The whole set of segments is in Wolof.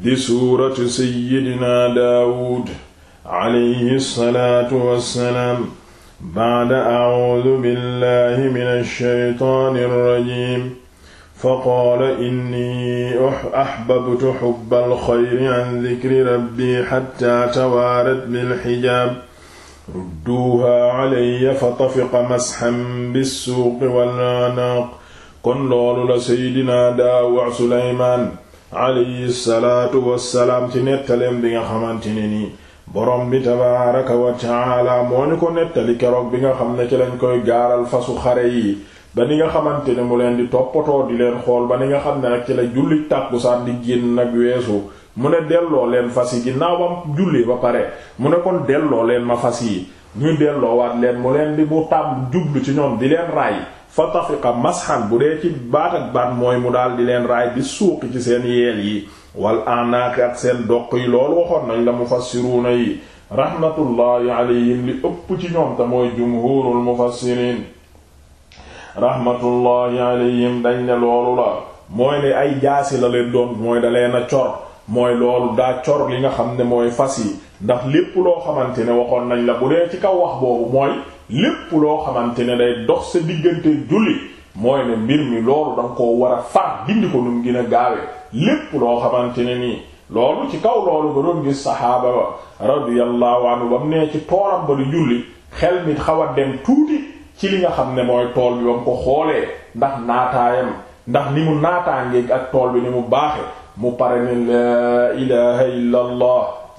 di suuratu seyyidina daawud alayhi salaatu wassalaam bacda acuudu billahi min alsheytaani alrajim faqaala inni uh-, axbabtu xubba alxayri can dikri rabbi xatta tawaarat bilxijaab rudduuhaa calaya fa tafiqa masxan bissuuqi wal acnaaq kon loolu la seydinaa daawu sulaymaan alayhi salaatu wassalaam ci nettaleem bi nga xamante ni nii borom bi tabaaraka wa taala moo ñu ko nettali keroog bi nga xam ne ci lañ koy gaaral fasu xare yi ba ni nga xamante ne mu leen di toppatoo di leen xool ba ni nga xam ne nag ci la julli tàkkusaan di génn nag weesu mu ne delloo leen fas yi ginnaaw bam julli ba pare mu ne kon delloo leen ma fas yi ñu delloowaat leen mu leen di mu tàmm jublu ci ñoom di leen raay fa tafiqa mashan bu dee ci baat ak baat mooy mu daal di leen raay bi suuqi ci seen yeel yi wal anaaq ak seen doq yi loolu waxoon nañ la mufassiruuna yi rahmatullahi alayhim li ëpp ci ñoom te mooy jumhurul mufassirin rahmatullahi alayhim dañ ne loolu la mooy ne ay jaasi la leen doon mooy da leen cor mooy loolu daa cor li nga xam ne mooy fas yi ndax lépp loo xamante ne waxoon nañ la bu dee ci kaw wax boobu mooy lépp loo xamante ne day dox sa diggante julli mooy ne mbir mi loolu da nga koo war a dindi ko nu gën a gaawe lépp loo xamante ne nii loolu ci kaw loolu nga doon gis saxaaba ba radiyallahu anhu ba mu nee ci toolam ba di julli xel mi xaw a dem tuuti ci li nga xam ne mooy tool bi ba mu ko xoolee ndax naataayam ndax ni mu naataangeeg ak tool bi ni mu baaxe mu pare ne laa ilaha illa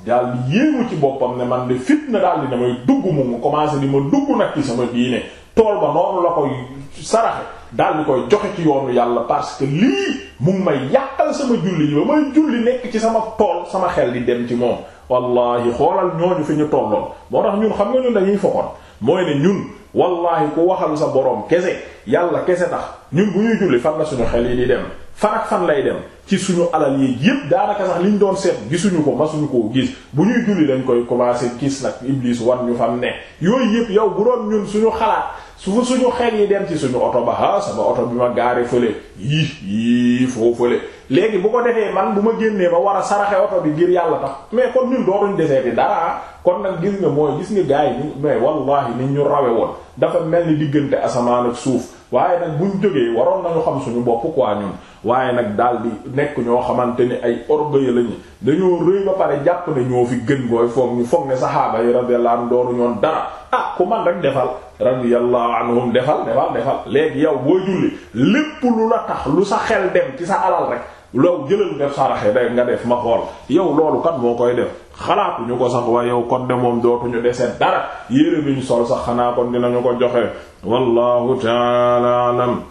daal di yéemu ci boppam ne man de fitna daal di damay dugg mu mu commencé di ma dugg nag ci sama diine tool ba noonu la koy saraxe daal koy joxe ci yoonu yàlla parce que lii mu ma may yàqal sama julli yi ba may julli nekk ci sama tool sama xel di dem ci moom wallahi xoolal ñooñu fi ñu tolloon moo tax ñun xam nga ñun dañuy fokkoon mooy ne ñun wallahi ku waxam sa boroom kese yàlla kese tax ñun bu ñuy julli fan la suñu xel yi di dem fan ak fan lay dem ci suñu alal yi yépp daanaka sax liñ doon seet gisuñu ko masuñu koo gis bu ñuy julli dañ koy commencer gis nag iblis wan ñu fam ne yooyu yépp yow bu doon ñun suñu xalaat su fa suñu xel yi dem ci suñu oto ba ah sama oto bi ma gaare fële yii yii foo fële léegi bu ko defee man bu ma génnee ba war a saraxe oto bi ngir yàlla tax mais kon ñun dooruñ yi dara kon nag gis nga mooy gis nga gaay yi mais wallahi ni ñu rawe woon dafa mel ni diggante asamaan ak suuf waaye nag buñ jógee waroon nañu xam suñu bopp quoi ñun waaye nag daal di nekk ñoo xamante ni ay orgueil lañu dañoo rëy ba pare jàpp ne ñoo fi gën gooy foog ñu foog ne saxaaba yi radiyallahu anhum dooru ñoon dara ah ku man rek defal radiyallahu anhum defal defal defal léegi yow boo julli lépp la tax lu sa xel ci sa alal rek loolu jëlal def saraxe day nga def ma xool yow loolu kat moo koy def xalaatuñu ko sax waaye yow kon de moom dootuñu dese dara yére bi ñu sol sax xanaa kon dinañu ko joxe wallahu taala alam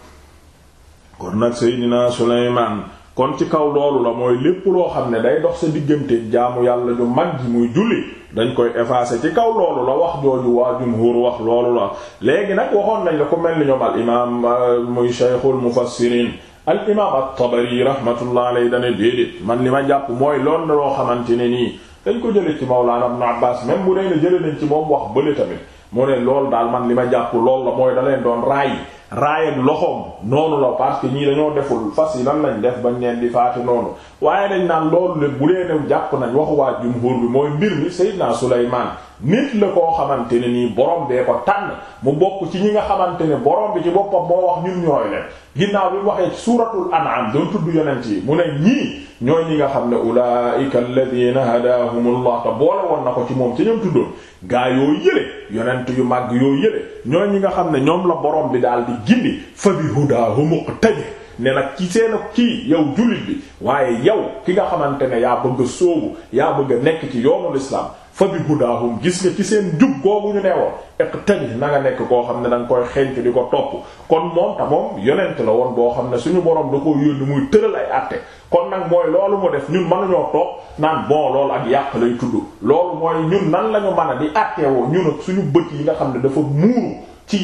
kon nag Seydina Sulaymaan kon ci kaw loolu la mooy lépp loo xam ne day dox sa diggante jaamu yàlla ju mag ji muy julli dañ koy effacer ci kaw loolu la wax jooju waa jumhur wax loolu la léegi nag waxoon nañ la ko mel ni ñoom al imaam euh, muy shaykhul mufassirin al imaam at-Tabari rahmatullah alayhi dane déedéet man li ma jàpp mooy lool na loo xamante ne nii dañ ko jële ci Mawlaana Ibn Abbaas même bu dee ne jële nañ ci moom wax bële tamit mu ne loolu daal man li ma jàpp lool la mooy da doon raay raay ak loxoom noonu la parce que ñii dañoo deful fas yi lan lañ def bañ leen di faate noonu waaye dañ naan loolu le bu leen jàpp nañ waxu waa jumhur bi mooy mbir mi Seydina Sulaymaan nit la koo xamante ne nii borom bee ko tànn mu bokk ci ñi nga xamante ne borom bi ci boppam moo wax ñun ñooy leen ginnaaw bi waxee ci suuratul an'am doon tudd yonent yi mu ne ñii ñooy ñi nga xam ne ulaika alladina hadahumullah te boole woon na ko ci moom ci ñoom tuddoon gaa yoo yële yonent yu màgg yoo yële ñooy ñi nga xam ne ñoom la borom bi daal di gindi fa bi hudahum iqtadi ne nag ci seen kii yow jullit bi waaye yow ki nga xamante ne yaa bëgg a sóobu yaa bëgg nekk ci yoonu l'islam fa bi hudaahum gis nga ci seen jub googu ñu newoon iqtani na nga nekk koo xam ne da nga koy xeeñtu di ko topp kon moom ta moom yonent la woon boo xam ne suñu borom da ko yónni muy tëral ay àtte kon nag mooy loolu mu def ñun mënuñoo toog naan bon lool ak yàq lay tudd loolu mooy ñun nan lañu ñu mën a di àtteewoo ñun ak suñu bët yi nga xam ne dafa muuru ci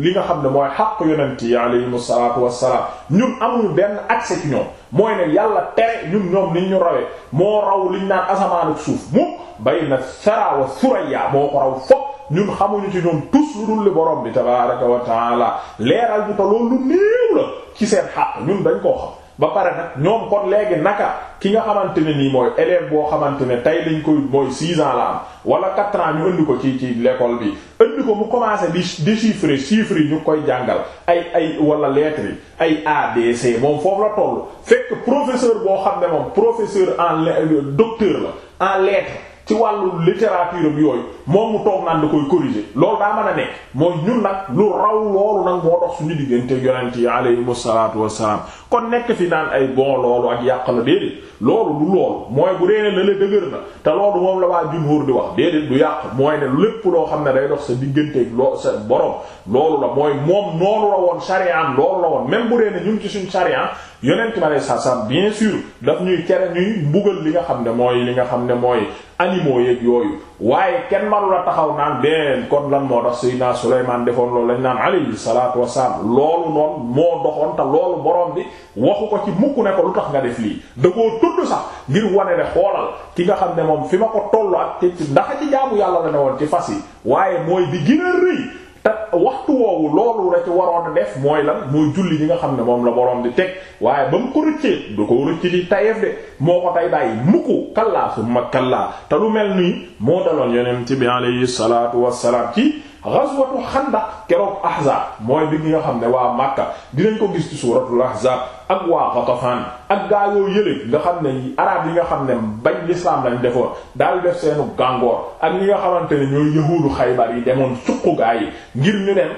li nga xam ne mooy xaq yonent yi aleyhim asalatu wassalaam ñun amuñu benn accès ci ñoom mooy ne yàlla tere ñun ñoom niñ ñu rawee moo raw liñ naan asamaan ak suuf mu bay na sara wa suraya moo ko raw fop ñun xamuñu ci ñoom tus lu dul li borom bi tabaraka wa taala leeral ñu te loolu lu néew la ci seen xaq ñun dañ koo xam ba pare nag ñoom kon léegi naka ki nga xamante ne nii mooy élève boo xamante ne tey lañ ko mooy 6 ans la am wala 4 ans ñu indi ko ci ci l'école bi indi ko mu commencé di déchiffrer chiffres yi ñu koy jàngal ay ay wala lettres yi ay ABC moom foofu la toll fekk professeur boo xam ne moom professeur en docteur la en lettres. ci wàllu littérature bi yooyu moom mu toog naan da koy corriger loolu daa mën a nekk mooy ñun nag lu raw loolu nag moo dox suñu diggante yonent kon nekk fi naan ay bon yàq la déedéet loolu te loolu moom la waa jumhur di wax déedéet du yàq mooy ne lépp loo xam ne day dox sa digganteeg loo sa borom loolu la mooy moom noonu la woon sharia am loolu la woon même bu dee ñun ci suñu sharia yonent ma lay saasam bien sûr daf ñuy tere ñuy mbugal li nga xam ne mooy li nga xam ne mooy animaux yeeg yooyu waaye kenn manu la taxaw naan benn kon lan moo tax Seydina Sulaymaan defoon loolu lañ naan alayhi salaatu wasalaam loolu noonu moo doxoon te loolu borom bi waxu ko ci mukk ne ko lu tax nga def lii da koo tudd sax ngir wane ne xoolal ki nga xam ne moom fi ma ko tollu ak te ndax ci jaamu yàlla la ne woon ci fas yi waaye mooy bi gën rëy te waxtu woowu loolu la ci waroon a def mooy lan mooy julli yi nga xam ne moom la borom di teg waaye ba mu ko rëccee du ko rëcc di tayeef de moo ko tay bàyyi mukku kallaa summa kallaa te lu mel nii moo daloon yonent bi alayhi salaatu wassalaam ci ghazwatu xandaq keroog ahzab mooy bi nga xam ne waa Makka dinañ ko gis ci suuratul ahzab ak waa Ghatafan ak gaa yoo yële nga xam ne arab yi nga xam ne bañ lislaam lañ defoon daal def seenu gàngoor ak ñi nga xamante ne ñooy yahuudu Xaybar yi demoon suqu gaa yi ngir ñu dem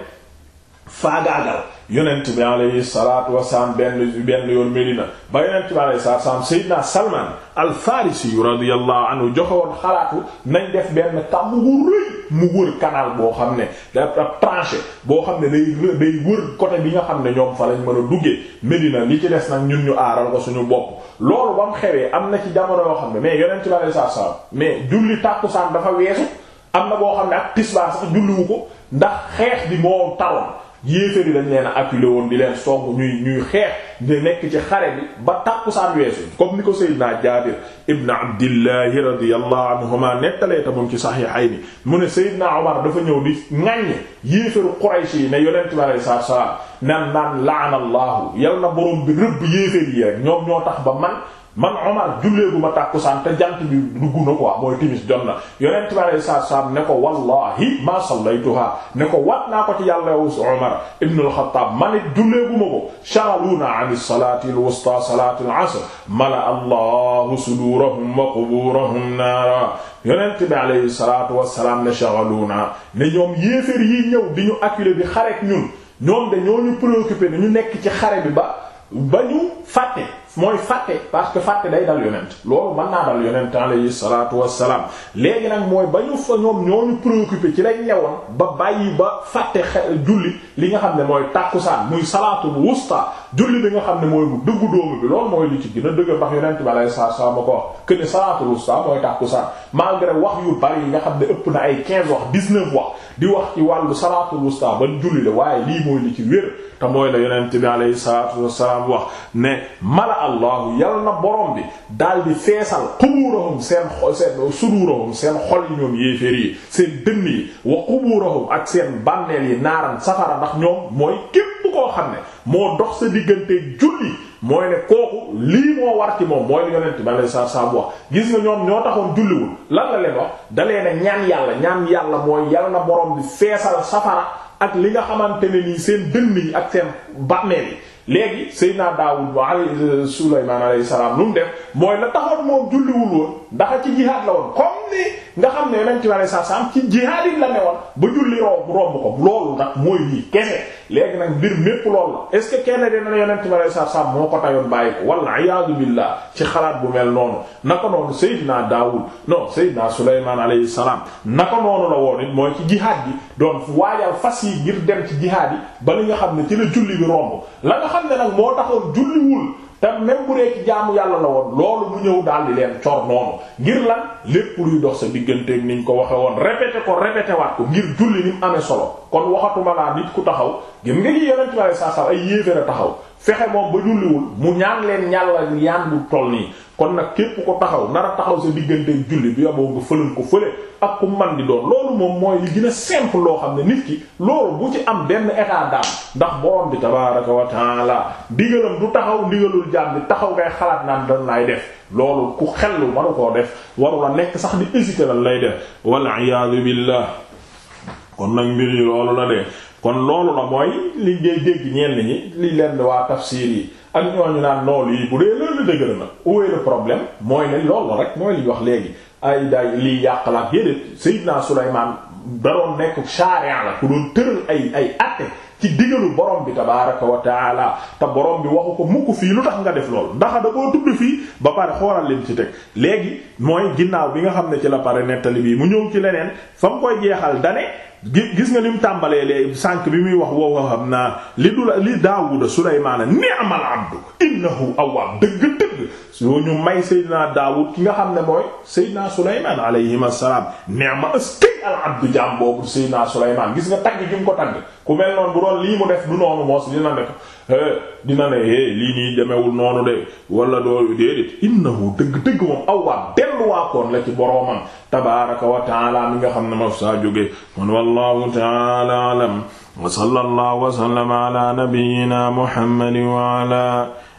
faagaagal yonent bi alayhi salaatu wasalaam benn benn yoon Medina ba yonent bi alayhi salaatu wasalaam Seydina Salman al Farisi radiyallahu xalaatu nañ def benn kàmm wu rëy mu wër canal boo xam ne da ab tranchée boo xam ne day day wër côté bi nga xam ne ñoom fa lañ mën a duggee Medina li ci des nag ñun ñu aaral ko suñu bopp loolu ba mu xewee am na ci jamono yoo xam ne mais yonent bi sallallahu alayhi wasallam mais julli saan dafa weesu am na boo xam ne ak tisbaar sax julliwu ko ndax xeex bi moo taroon yéeféri dañ leen acculé di leen song ñuy ñuy xeex di nekk ci xare bi ba tàkkusaan weesu comme ni ko Seydina Jaabir ibn Abdillahi radiyallahu anhuma nettalee ta moom ci saxiixay ni mu ne Seydina Omar dafa ñëw di ŋàññe yéeféru Quraysh yi ne yonent bi alayhi salaatu wa salaam naan naan laana Allahu yal na borom bi rëbb yéefér yi rek ñoom ñoo tax ba man man Omar julleegu ma tàkkusaan te jant bi dugg na quoi mooy timis jot na yonent bi alayhi salaatu salaam ne ko wallahi ma sallaytuha ne ko wat naa ko ci yàlla yow Omar ibn al-Khattab man it julleegu ma ko shaghaluuna an as-salaati al-wusta salaati al-'asr mala allahu sudurahum wa quburahum naara yonent bi alayhi salaatu wassalaam ne shaghaluuna ne ñoom yéeféer yi ñëw di ñu acculer bi xarek ñun ñoom de ñoo ñu préoccupé ne ñu nekk ci xare bi ba ba ñu fàtte mooy fàtte parce que fàtte day dal yonent loolu mën naa dal yonent alayhi salaatu léegi nag mooy ba ñu ñoom ñoo ñu préoccupé ci lañ lewoon ba bàyyi ba fàtte xel li nga xam ne mooy tàkkusaan muy salaatul wusta julli bi nga xam ne mooy bu dëggu bi loolu mooy ci gën a dëgg ndax yonent bi alayhi salaatu wassalaam ma ko wax que ne salaatul wusta mooy wax yu bari yi nga xam ne ëpp na ay 15 wax 19 wax di wax ci wàllu salaatul wusta ban julli la waaye lii mooy li ci wér mooy la yonent bi alayhi salaatu wassalaam wax ne mala allahu yal na borom bi daal di feesal qubuurahum seen xol seen suduurahum seen xol yi ñoom yéeféer yi seen dënn yi wa qubuurahum ak seen bànneel yi naaran safara ndax ñoom mooy képp koo xam ne moo dox sa diggante julli mooy ne kooku lii moo war ci moom mooy li yonent ba lay saabu wax gis nga ñoom ñoo taxoon julliwul lan la leen wax dalee na ñaan yàlla ñaan yàlla mooy yal na borom bi feesal safara ak li nga xamante ne nii seen dënn yi ak seen bànneel yi léegi Seydina Daawud wa Sulaymaan alayhi salaam lu mu def mooy la taxoon moom julliwul woon ndax ci jihaad la woon comme ni nga xam ne Yonent bi alayhi salaam ci jihaad la ne woon ba julli romb romb ko loolu nag mooy lii kese. léegi nag mbir mépp lool la est-ce que kenn dina yonent bi alayhi salaatu salaam moo ko tayoon bàyyi ko walla iyaadu billah ci xalaat bu mel noonu naka noonu Seydina Daawud non Seydina Sulaymaan alayhi salaam naka noonu la woon it mooy ci jihaad bi doon waajal fas yi ngir dem ci jihaad yi ba nga xam ne ci la julli bi romb la nga xam ne nag moo taxoon julliwul te même bu dee ci jaamu yàlla la woon loolu mu ñëw daal di leen cor noonu ngir lan lépp luy dox sa digganteeg niñ ko waxe woon répété ko répété waat ko ngir julli ni mu solo kon waxatuma laa nit ku taxaw gëm nga gi yonent bi sallallahu alayhi ay yéeféer a taxaw fexe moom ba julliwul mu ñaan leen ñàlla ñaan bu toll nii kon nag képp ko taxaw nar a taxaw sa digganteeg julli bi yaboo nga fëlal ko fële ak ku man di doon loolu moom mooy li gën a loo xam ne nit ki loolu bu ci am benn état d'âme ndax borom bi tabaraka wa taala digalam du taxaw ndigalul jaam bi taxaw ngay xalaat naan dan lay def loolu ku xellu manu koo def waru nekk sax di hésiter lan lay def wal iyaadu billah kon nag mbir yi loolu la de kon loolu na mooy li ngay dégg ñenn ñi li leen waa tafsir yi ak ñooñu naan noolu yi bu dee loolu dëgër na où est le problème mooy ne loolu rek mooy li ñu wax léegi ay daay liy yàq la déedéet Seydina Sulaymaan daroon nekk charia la ku doon tëral ay ay àtte ci digalu borom bi tabaaraka wa taala te borom bi waxu ko mukk fii lu tax nga def lool ndax da koo tudd fii ba pare xoolal leen ci teg léegi mooy ginnaaw bi nga xam ne ci la pare nettali bii mu ñëw ci leneen fa mu koy jeexal dane gis nga mu tàmbalee lee sànq bi muy wax wow xam naa li du la li Daawuda Sulaymaana ni'mal abdu innahu awwaab dëgg soo ñu may Seydina Daawud ki nga xam ne mooy Seydina Sulaymaan alayhi assalaam neema ëskay al abdu jaam boobu Seydina Sulaymaan gis nga tagg gi mu ko tagg ku mel noonu bu doon lii mu def du noonu moos dina ne ko eh, dina ne é eh, lii nii demewul noonu de wala doo déedéet innahu dëgg-dëgg moom awwaa delluwaakoon la ci boroomam tabaaraka wa taala mi nga xam ne ma saa jóge kon wallahu taala alam wa sallallahu wa sallama ala nabiyyina muhammadin wa ala